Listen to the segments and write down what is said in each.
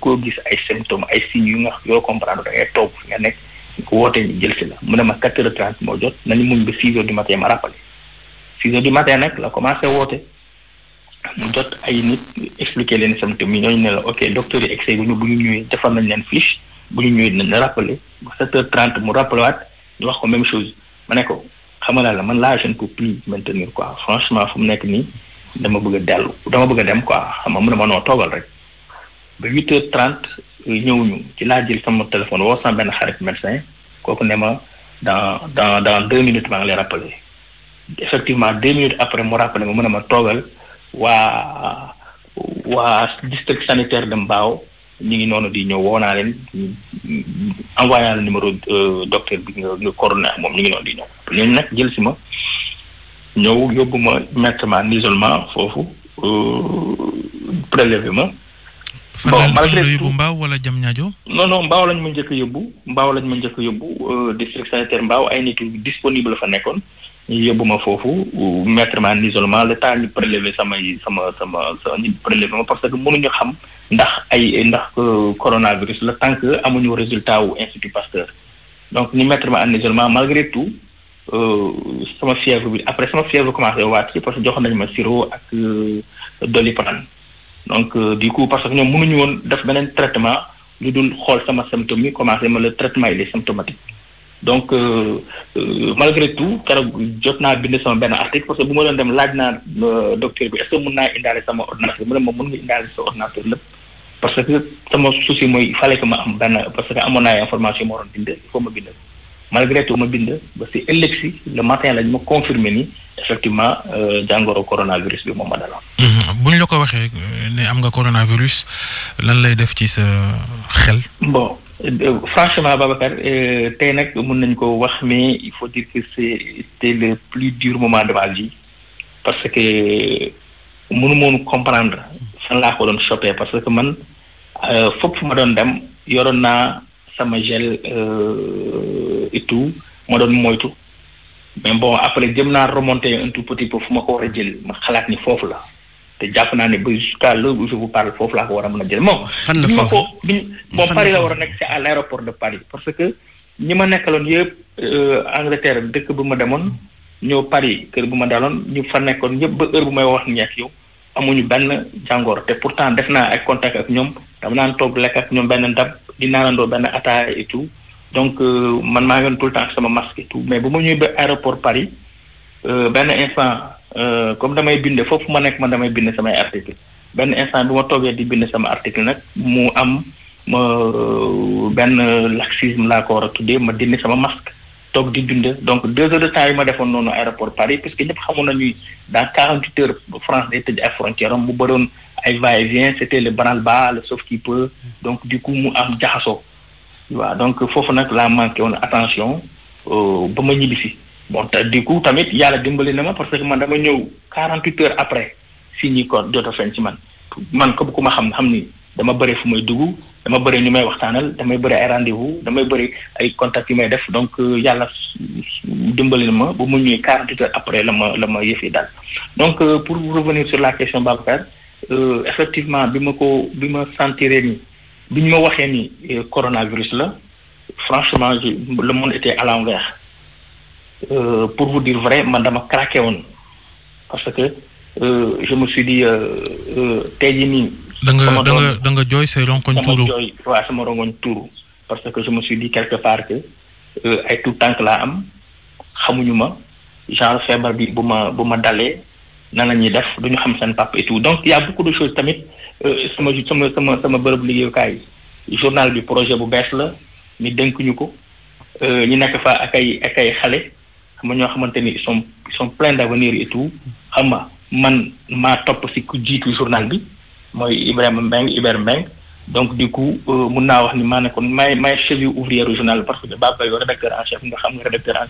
koo gis ay symptômes ay signes yu nga yoo comprendre da ngay toog fi nga nekk ko wootee ñu la mu ne ma quatre heures trente moo jot nañu muñ ba six du matin ma rappelé six heures du matin nag la commencé woote mu jot ay nit expliqué leen symptômes yi ñooñu ne la ok docteur yi expliqué ñu bu ñu ñëwee defal nañ leen fiche bu ñu ñëwee dinañ la rappelé ba sept heures trente mu rappelé waat ñu wax ko même chose ma ne ko xamalaa la man laa je ne peux plus maintenir quoi franchement fu mu nii dama bëgg dellu dama bëgg a dem quoi xam nga mu noo toogal rek. ba huit heures trente ñëw ci laa jël sama téléphone woo sama benn xarit médecin kooku ne ma dans dans dans deux minutes maa ngi lay rappelé effectivement deux minutes après mu rappelé ma mu ne ma toogal waa waa district sanitaire de Mbao ñu ngi noonu di ñëw woo naa la numéro euh, docteur bi nga nga coordonné ak moom ñu ngi noonu di ñëw léegi nag jël si ma ñëw yóbbu ma mettre ma en isolement foofu euh, prélevé ma. bon malgré tout yóbbu Mbaaw wala Diamniadio non non Mbaaw lañ ma njëkk yóbbu Mbaaw lañ ma njëkk yóbbu euh, district sanitaire Mbaaw ay nit yu disponible fa nekkoon yóbbu ma foofu euh, mettre ma en isolement le temps ñu samay sama sama sa ñu prélever ma parce xam ndax ay ndax euh, coronavirus la tant que amuñu résultat wu institut Pasteur donc ñu mettre ma en isolement malgré tout sama fièvre bi après sama fièvre commencé waat ci parce que jox nañ ma sirop ak doliprane donc euh, du coup parce que ñoom mënuñu woon def beneen traitement lu dul xool sama symptôme yi commencé ma le traitement il est symptomatique donc euh, euh, malgré tout keroog jot naa bind sama benn article parce que bu ma doon dem laaj naa docteur bi est-ce que mën naa indaale sama ordinateur mu ne ma mën nga indaale sa ordinateur parce que sama souci mooy il fallait que ma am benn parce que amoon naa information moo doon bind il faut ma bind malgré tout ma bind ba si ëllëg si le matin lañ ma confirmer ni effectivement euh, jàngoro coronavirus bi moom ma dala mm-hmm. bu ñu la ko waxee euh, ne am nga coronavirus lan lay def ci sa xel. bon euh, franchement Babacar tey nag mun nañ ko wax mais il faut dire que c'était le plus dur moment de ma vie parce que mënu moonu comprendre fan laa ko doon chopé parce que man fopp fu ma doon dem yoroon naa sama gel. tout ma doon moytu mais bon après jëm naa remonter un tout petit peu fu ma ko war a jël ma xalaat ni foofu la te jàpp naa ne ba jusqu'à l'heure où foofu laa ko war a a jël moom. fan la foofu ma ko bon Paris war a nekk c'est à l'aéroport de Paris parce que ñi ma nekkaloon yëpp euh, Angleterre dëkk bu ma demoon ñëw Paris kër bu ma daloon ñu fa nekkoon ñëpp ba heure bu may wax ñeek yow amuñu benn jàngoor te pourtant def naa ay contact ak ñoom dama naan toog lekk ak ñoom benn ndab di naanandoo benn ataaya et donc euh, man maa yoon tout temps sama masque et tout mais bu ma ñëwee ba aéroport Paris euh, benn instant euh, comme damay bind foofu ma nekk man damay bind samay article benn instant bi ma toogee di bind sama article nag mu am benn benn laxisme laa ko war a tuddee ma dindi sama masque toog di bind donc deux heures de temps yi ma defoon noonu aéroport Paris puisque ñëpp xamoon nañuy dans quarante huit heures France day tëj ay frontière am mu bëroon ay va et vient c' était le branle-bas le sauf qui donc du coup mu am jaxasoo waaw donc foofu nag laa manqué woon attention euh, ba ma ñibbisi bon te du tamit yàlla dimbali na ma parce que man dama ñëw quarante huit heures après si ñi ko jot a feeñ man man ko bu ku ma xam xam ni dama bëri fu may dugg dama bëri ñu may waxtaanal damay bëri ay rendez damay bëri ay contacts yi may def donc euh, yàlla dimbali na ma bu ma ñuy quarante huit heures après la ma la ma yëf yi daal donc euh, pour revenir sur la question Babacar effectivement bi ma ko bi ma sentiree nii bi ñu ma waxee ni eh, coronavirus la franchement le monde était à l'envers euh, pour vous dire vrai man dama craqué woon parce que euh, je me suis dit euh, euh, tey jii nii. da nga da nga da nga jooy say rongoñ tuuru sama jooy waaw sama rongoñ tuuru parce que je me suis dit quelque part que ay tout tànk laa am xamuñu ma genre feebar bi bu ma bu ma dalee. nan la ñuy def du ñu xam seen papa et tout donc y' a beaucoup de choses tamit euh, sama sama sama sama bërëb journal bi projet bu bees la ñu dénk ko euh, ñu nekk fa ak ay ak xale xam nga ñoo xamante ni ils sont ils sont pleins d' avenir xam nga man maa topp si ku jiitu journal bi mooy Ibrahima Mbengue Iber Mbengue donc du coup euh, wax ni maa nekkoon maay maay cheville ouvrier journal parce que Baba Bayo rédacteur en chef nga xam nga rédacteur en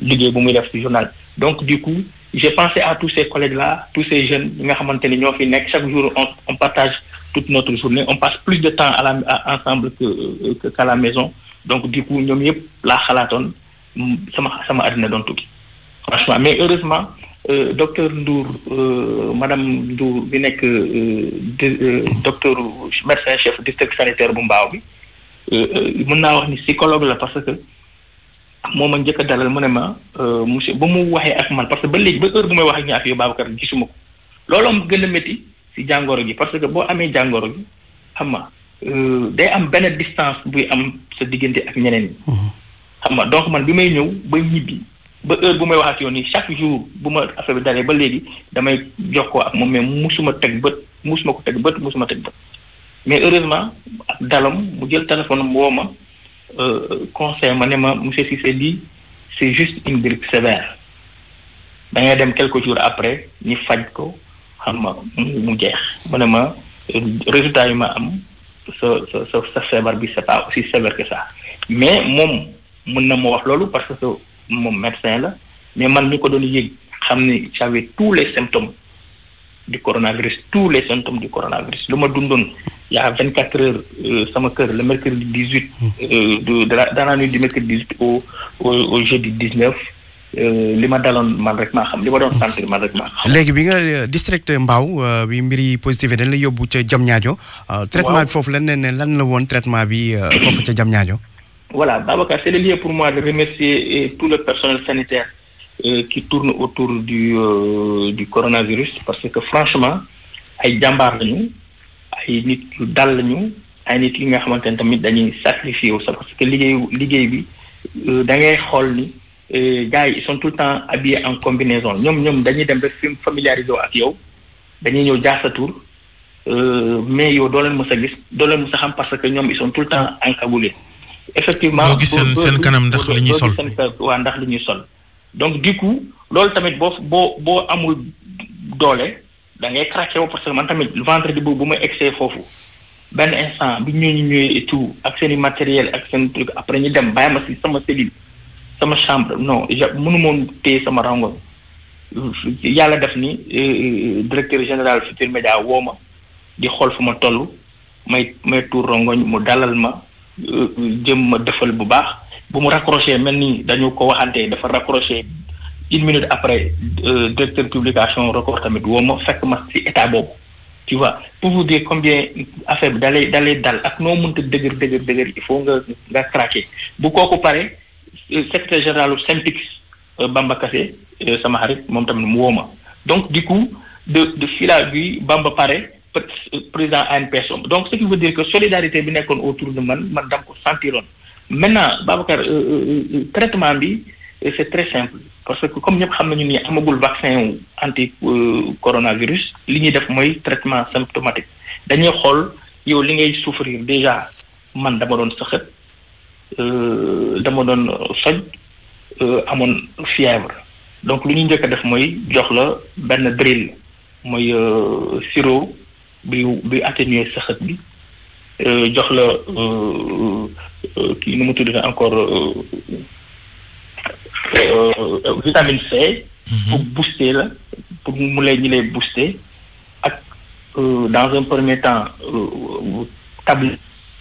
liggéey bu muy def si journal donc du coup. j'ai pensé à tous ces collègues-là tous ces jeunes yi nga xamante ni ñoo fi nekk chaque jour on on partage toute notre journée on passe plus de temps à la à, ensemble que, que la maison donc du coup ñoom yëpp laa xalaatoon sama sama àddina doon tukki franchement mais heureusement euh, docteur Ndour euh, madame Ndour bi nekk euh, euh docteur euh, médecin chef district sanitaire bu Mbaaw bi mën naa wax ni psychologue la parce que moom a njëkk dalal mu ne ma euh, monsieur ba mu waxee ak man parce que ba léegi ba heure bu may wax ak ñaar ba Babacar gisuma ko looloo mu gën a métti si jàngoro gi parce que boo amee jàngoro ji xam nga euh, day am benn distance buy am sa diggante ak ñeneen ñi. Mhm. xam nga donc man bi may ñëw ba ñibbi ba heure bu may wax ak yow nii chaque jour bu ma affaire bi dalee ba léegi damay jokkoo ak moom mais musuma teg bët musuma ko teg bët musuma teg bët mais heureusement ak dalam mu jël téléphone am ma. Euh, conseil ma ne ma monsieur Cissé lii c'est juste une grippe sévère da ngay dem quelques jours après ñu faj ko xam ma mu jeex ma ne ma résultat yi ma am sa sa sa sa bi c'est pas aussi sévère que ça mais moom mën na ma wax loolu parce que moom médecin la mais man ñu ko doon yëg xam ni j'avais tous les symptômes du coronavirus tous les symptômes du coronavirus lu ma dundoon y a vingt quatre heures euh, sama kër hmm. euh, la mercredi dix huit de dans di nuit du mercredi dix huit au au jeudi dix neuf euh, li ma daloon man rek maa xam li ma doon sentir man rek maa xam. léegi bi nga district Mbao bi mbir yi positif dañ la yóbbu ca Diamniadio. traitement bi foofu lan ne ne lan la woon traitement bi foofu ca Diamniadio. voilà Babacar c'est le lieu pour moi de remercier tout le personnel sanitaire. qui tourne autour du euh, du coronavirus parce que franchement ay jàmbaar lañu ay nit yu dal lañu ay nit yi nga xamante ne tamit dañuy sacrifié wu sax parce que liggéey liggéey bi euh, da ngay xool ni euh, gars yi ils sont tout le temps habillés en combinaison ñoom ñoom dañuy dem ba fi familiarisé ak yow dañuy ñëw jaar sa tur mais yow doo leen a gis doo leen a xam parce que ñoom ils sont tout temps encagoulés effectivement. boo gis seen seen kanam ndax li ñuy waa ndax li ñuy sol. donc du coup loolu tamit boo boo boo amul doole da ngay craqué wu parce que man tamit vendredi boobu bu ma egsee foofu benn instant bi ñooñu ñëwee et ak seen i matériel ak seen truc après ñu dem bàyyi ma si sama cellule sama chambre no ja mënu moon téye sama rangoon yàlla def ni euh, euh, directeur général Futurs Médias woo ma di xool fu ma toll may may tour rongoñ mu dalal ma euh, jëm ma defal bu baax bu mu raccroché mel ni dañu ko waxante dafa raccroché une minute après euh, directeur publication record tamit woo ma fekk ma ci état boobu tu vois pour vous dire combien affaire bi dalay dal ak noo mënta dëgër dëgër dëgër il faut nga nga craquer bu kooku pare euh, secrétaire général Synpics euh, Bamba Kassé sama xarit moom tamit mu woo ma donc di coup de de filage bi Bamba pare président ANPS donc ce qui veut dire que solidarité bi nekkoon autour de man man dam ko sentiroon maintenant Babacar euh, euh, euh, traitement bi c'est très simple parce que comme ñëpp xam nañu nii amagul vaccin wu anti coronavirus li ñuy def mooy traitement symptomatique dañuy xool yow li ngay souffrir déjà man dama doon sëxët dama doon soj amoon fièvre donc li ñuy njëkk a def mooy jox la benn drill mooy sirop bi bi atténuer sëxët bi Euh, jox la euh, euh, kii nu mu tudd encore vitamine C. Mhm. pour booster la pour mu lay ñu lay booster ak dans un premier temps tablette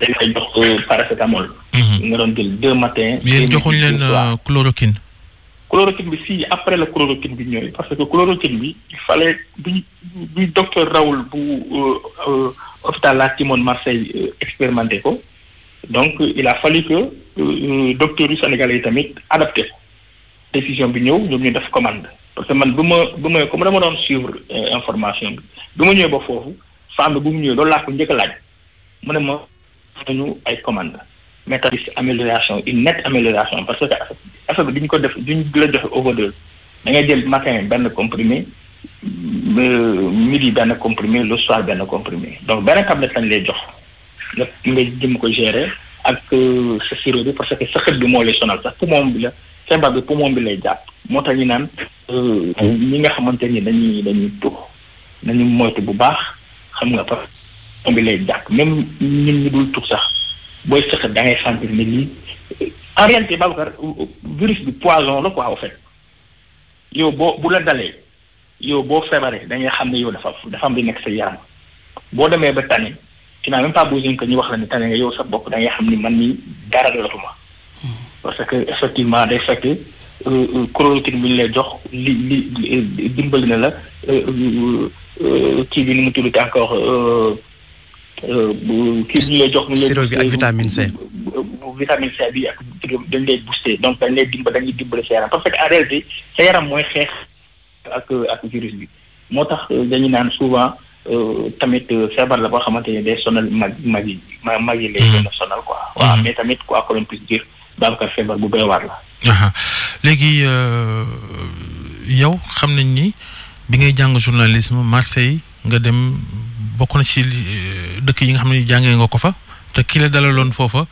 dañ koy jox paracétamol. Mhm. nga doon jël deux matins. yéen joxuñ leen chloroquine. chloroquine bi si après la chloroquine bi ñëwee parce que chloroquine bi il fallait bi bi docteur Raoul bu. hôpital laa timoon Marseille euh, expérimenté ko donc il a fali que euh, docteurs yu sénégalais yi tamit adapté ko décision bi ñëw ñoom ñu def commande parce que man bu ma bu ma comme dama doon suivre euh, information bi ma ñëwee ba foofu femme bu mu ñëwee loolu laa ko njëkk laaj mu ne ma nañu ay commande mais tamit amélioration une nette amélioration parce que affaire bi duñ ko def duñ la joxe overdose da ngay jël matin benn comprimé midi benn comprimé le soir benn comprimé donc benn tablette lañ lay jox nga nga jëm ko gérer ak euh, sa sirop bi parce que sa xët bi moo lay sonal sax poumon bi la feebar bi poumon bi lay jàpp moo tax ñu naan euh, ñi nga xamante ni dañuy dañuy tux nañu moytu bu baax xam nga parce que bi lay jàpp même nit ñi dul tux sax booy sëqat da ngay sentir ne lii en réalité Babacar virus bi poison la quoi en fait yow boo bu la dalee. yow boo feebaree da ngay xam ne yow dafa dafa am di nekk sa yaram boo demee ba tane tu n'as même pas besoin que ñu wax la ni tane nga yow sa bopp da ngay xam ni man nii ni dara ma parce que effectivement day fekk euh, euh, chloroquine bi ñu lay jox li li dimbali na la euh, kii bi nu mu tudd encore ñu lay jox. sirop bi ak vitamine C. vitamine C bi ak dañ lay booster donc dañ lay dimbali dañuy dimbali sa yaram parce que en réalité sa yaram mooy xeex. ak ak virus moo tax euh, dañu naan souvent euh, tamit euh, feebar la boo xamante ne day sonal mag mag yi mag yi lay gën a sonal quoi. waaw mm-hmm. mm-hmm. mais tamit quoi qu'on puisse dire Babacar feebar bu doy waar la. léegi yow xam nañ ni bi ngay jàng journalisme Marseille nga dem bokk na ci dëkk yi nga xam ne jàngee nga ko fa te ki la dalaloon foofa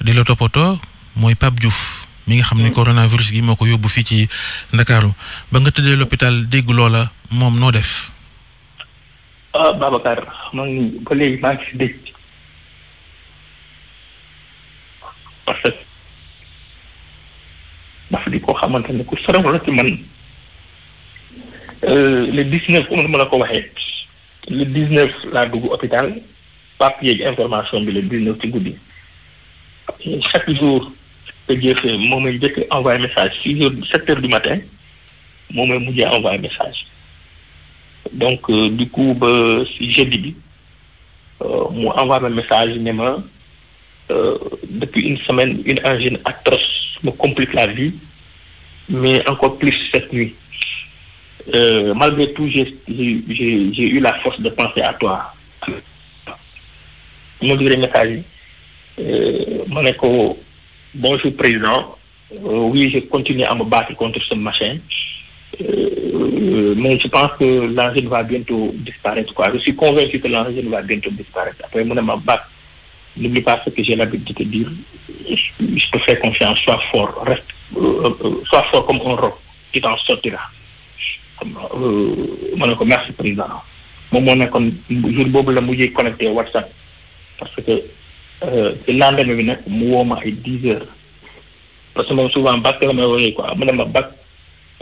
di la toppatoo mooy Pape Diouf. mi nga xam ne mm. coronavirus gi moo ko yóbbu fii ci Ndakaaru ba nga tëddee l'hôpital dégg loola moom noo def. ah Babacar man ba léegi maa xamante ne ku sore la ci man euh, le 19 comme laa dugg hôpital papier information bi le 19 ci guddi chaque jour. que jëfee moom mooy njëkk message six heures sept heures du matin moom mooy mujjee envoyé message donc euh, du coup ba si jeudi bi euh, mu envoyé ma message ne ma euh, depuis une semaine une angine atroce me complique la vie mais encore plus cette nuit malgré tout j'ai j'ai j'ai eu la force de penser à toi ma durée message yi ne ko Bonjour Président. Euh, oui, je continue à me battre contre ce machin. Euh, mais je pense que l'angine va bientôt disparaître. Quoi. Je suis convaincu que l'angine va bientôt disparaître. Après, moi, je me battre. N'oublie pas ce que j'ai l'habitude de te dire. Je te fais confiance. Sois fort. Reste, euh, euh, euh, comme un roc. Tu t'en sortiras. ma ne ko merci président moom moo nekkoon jour boobu la mujjee connecté WhatsApp parce que ci euh, lendemain bi nag mu woo ma ay dix heures parce que moom souvent bàkk la may woowee quoi mu ne ma bàkk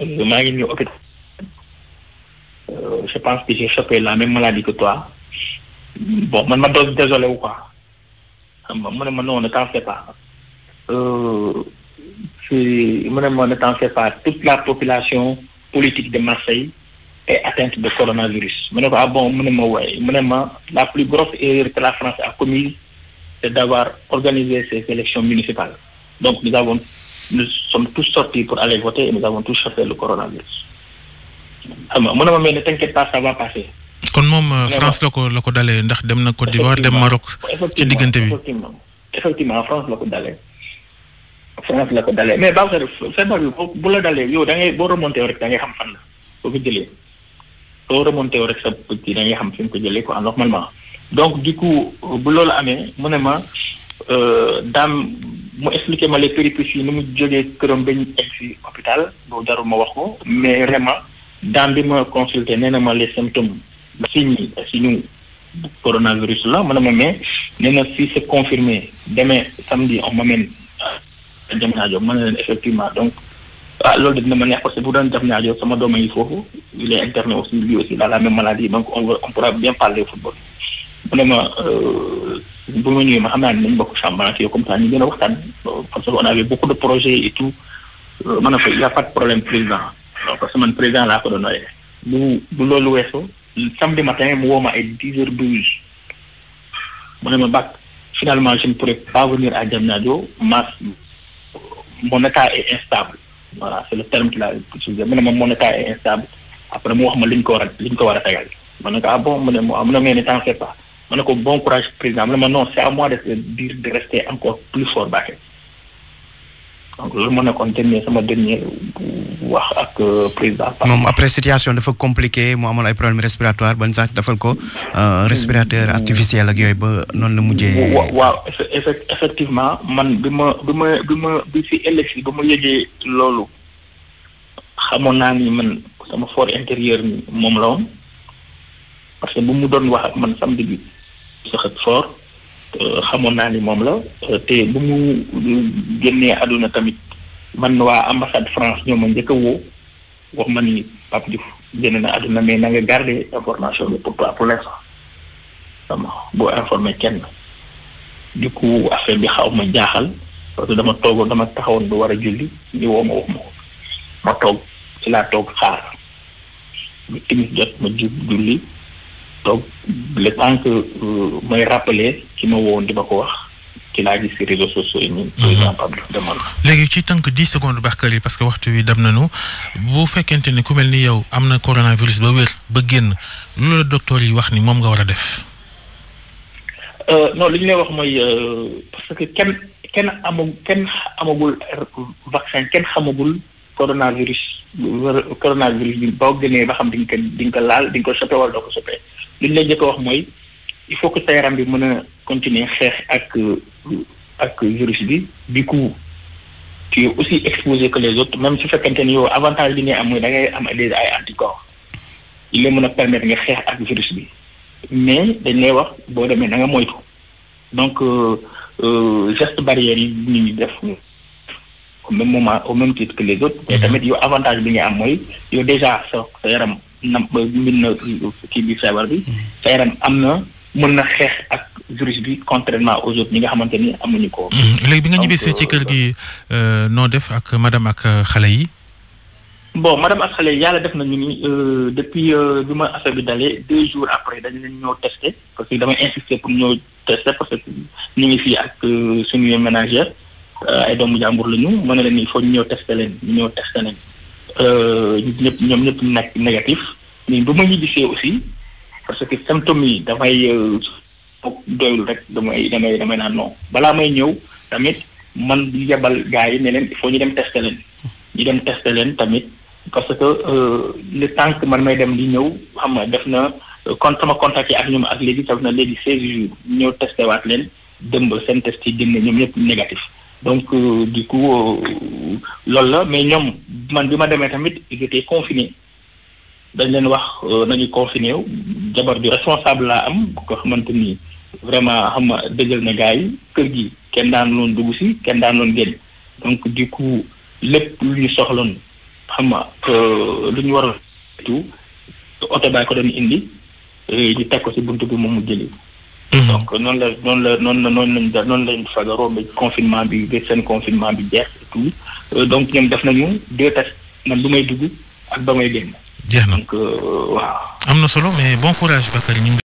euh, maa ngi ñëw hôpital euh, je pense que j'ai chopé la même maladie que toi bon man ma doon désolé wu quoi xam nga mu ma non ne t'en fais pas si mu ne ma ne t'en fais pas toute la population politique de Marseille est atteinte de coronavirus mu ne ko ah bon mu ne ma waaye mu ne ma la plus grosse erreur que la France a commise c'est d'avoir organisé ces élections municipales. Donc nous avons, nous sommes tous sortis pour aller voter et nous avons tous chopé coronavirus. xam nga mënuma mel ne t'inquiète pas ça va passer. kon moom euh, France la ko la ko dalee ndax dem na Côte d'Ivoire dem Maroc. ci diggante bi effectivement effectivement France la ko dalee. France la ko dalee mais baax na feebar bi bu la dalee yow da ngay boo remonté rek da ngay xam fan la boo ko jëlee boo remonté rek sa kii da ngay xam fi ko jëlee quoi normalement. donc du coup bu loolu amee mu ne ma euh, daam mu expliqué ma les péripéties yi ni mu jógee këram ba ñu egg si hôpital boobu jarul ma wax ko mais vraiment daam bi ma consulté nee na ma les symptômes signes yi signes coronavirus la mu ne ma mais nee na si c'est confirmé demain samedi on m'amène jam ñaajo ma ne leen effectivement donc ah loolu de dina ma neex parce que bu doon jam ñaajo sama doom yi foofu il est interné aussi lui aussi dans maladie donc on va on pourra bien parler football mu ne ma euh, bu ma ñëwee ma xam naa ne nañ bokk chambre ak yow comme a waxtaan parce de projets et tout euh, ma ne ko y' a pas de problème président parce que man président laa ko doon nooyee. bu bu loolu weesoo samedi matin mu woo ma ay dix heures douze mu ne ma ba finalement je ne pourrais pas venir à Diamniadio ma mon état est instable voilà c' est terme qu'il a utilisé mu ne ma mon état est instable après mu wax ma li ko war a li ñu ko war a tegal ma ne ko ah bon mu ne mu ne ma ne t'en fais pas. ma ne ko bon courage président ma ne ma non de dire de rester encore plus fort Mbacké donc loolu moo nekkoon dernier sama dernier wax ak euh, président. moom après situation dafa compliqué mu amoon ay problème respiratoire ban sax defal ko euh, respirateur mm. artificiel ak yooyu ba noonu la mujjee. waaw effectivement man bi ma bi ma bi ma bi si LFI ma yëgee loolu xamoon naa ni man sama fort intérieur moom la woon parce que bu mu doon wax ak man samedi bi. sax ak fort euh, xamoon naa ni moom la euh, te bu mu génnee àdduna tamit man waa ambassade France ñoo ma njëkk a woo wax ma ni Pape Diouf na àdduna mais na garder information bi pour toi pour l'instant sama boo informé kenn du coup affaire bi xaw ma jaaxal parce que dama toogoon dama taxawoon bu war a julli ñu woo ma wax ma ko ma toog ci laa toog xaar lu jot ma julli donc le temps que euh, may rappelé ki ma woon di ma ko wax ci laa gis réseaux sociaux yi ñun. Mhm. président Pape Diouf demoon léegi ci tënk dix secondes Bakary yi parce que waxtu wi dem nañu bu fekkente ni ku mel ni yow am na coronavirus ba wér ba génn loolu la docteur yi wax ni moom nga war a def. Euh, non li ñu lay wax mooy euh, parce que kenn kenn amagul kenn amagul vaccin kenn xamagul coronavirus coronavirus bi boo gënee ba xam di nga ko di laal di nga ko soppee wala doo ko soppee li lay njëkk wax mooy il faut que sa yaram bi mën a continuer xeex ak ak virus bi du coup tu es aussi exposé que les autres même su fekkente ni yow avantage bi ngay am mooy da am des ay anticorps il lay mën a permettre nga xeex ak virus bi mais dañ lay wax boo demee na nga moytu donc euh, euh, geste barrière yi nit ñi def au même moment au même titre que les autres mm-hmm. yow avantage bi ngay am mooy yow déjà sa sa yaram nam ba mën na kii bi feebar bi sa yaram am na mën na xeex ak virus bi contrairement aux autres ñi nga xamante ni amuñu ko. Mhm. léegi bi nga ñibbisee ci kër euh, gi euh, noo def ak madame ak euh, xale yi. bon madame ak xale yi yàlla def ñu ni depuis bi ma affaire bi dalee deux jours après dañu leen ñëw teste parce que damay insister pour ñoo testé parce que ñu ngi fii ak suñu ménagère ay doomu jàmbur la ñu mën na leen il faut ñu ñoo testé leen ñu ñoo testé leen. Euh, ñëpp ñoom ñëpp nekk négatif mais bu ma ñibbisee aussi parce que symptômes yi dafay euh, doyul rek damay damay damay naan non balaa may ñëw tamit man di yebal gars yi ne leen il ñu dem tester leen ñu dem tester leen tamit parce que euh, le temps man may dem di ñëw xam nga def na kon sama yi ak ñoom ak léegi def na léegi seize jours ñëw testé leen dëmb seen test yi génne ñoom ñëpp négatif donc euh, du coup euh, loolu la mais ñoom man bi ma demee tamit ils étaient confinés dañ leen wax euh, nañu confiné wu jabar ju responsable laa am ko xamante ni vraiment xam nga dëggal na gars yi kër gi kenn daan loon dugg si kenn daan loon génn donc du coup lépp lu ñu soxloon xam nga lu ñu war a tout oto baay ko doon indi ñu teg ko si bunt bi moom mu jëli Mhm. donc noonu la noonu la noonu la noonu lañ noonu lañ fagaroo ba confinement bi ba seen confinement bi jeex et euh, donc ñoom def nañu deux tests man bu may dugg ak ba may génn. jeex na donc euh, waaw. am na solo mais bon courage Bakary ñu